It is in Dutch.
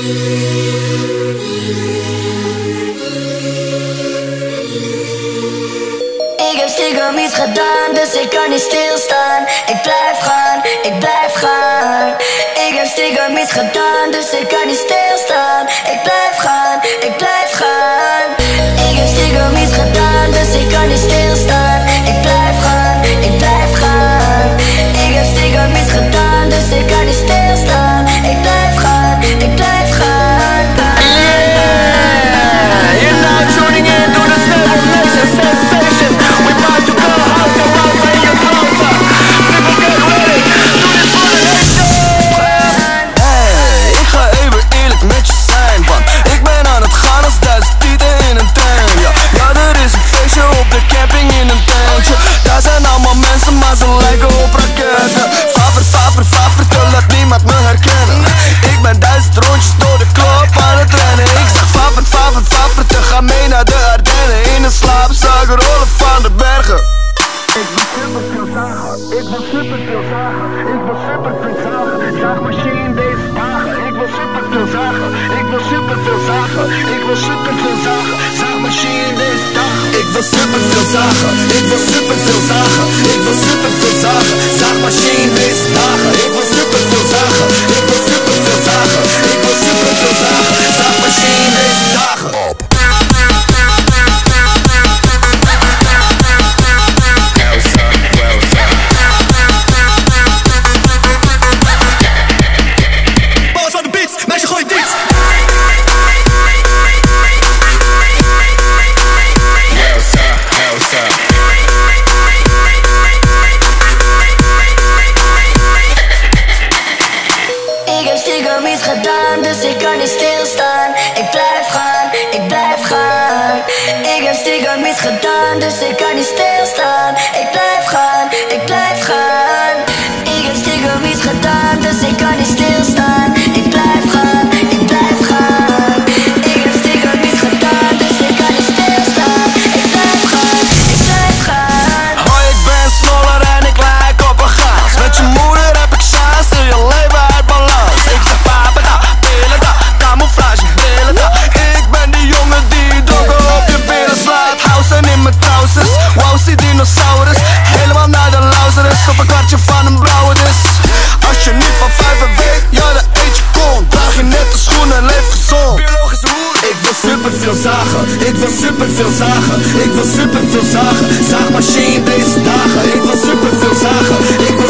Ik heb Gedaan, dus ik kan niet stilstaan. Ik blijf gaan, ik blijf gaan. Ik heb stiekem niet gedaan, dus ik kan niet stilstaan. Ik blijf gaan. wil super veel zagen, ik wil super veel zagen, ik wil super veel zagen. Zaagmachine is dagen, ik wil super veel zagen, ik wil super veel zagen, ik wil super veel zagen. Zaagmachine is dagen. Op. Meisje gooi dik! ik heb stiekem niet gedaan, dus ik kan niet stilstaan. Ik blijf gaan, ik blijf gaan. Ik heb stiekem iets gedaan, dus ik kan niet stilstaan. Ik blijf gaan, ik blijf gaan. Ik wil super veel zagen, zaag maar deze dagen Ik wil veel zagen, ik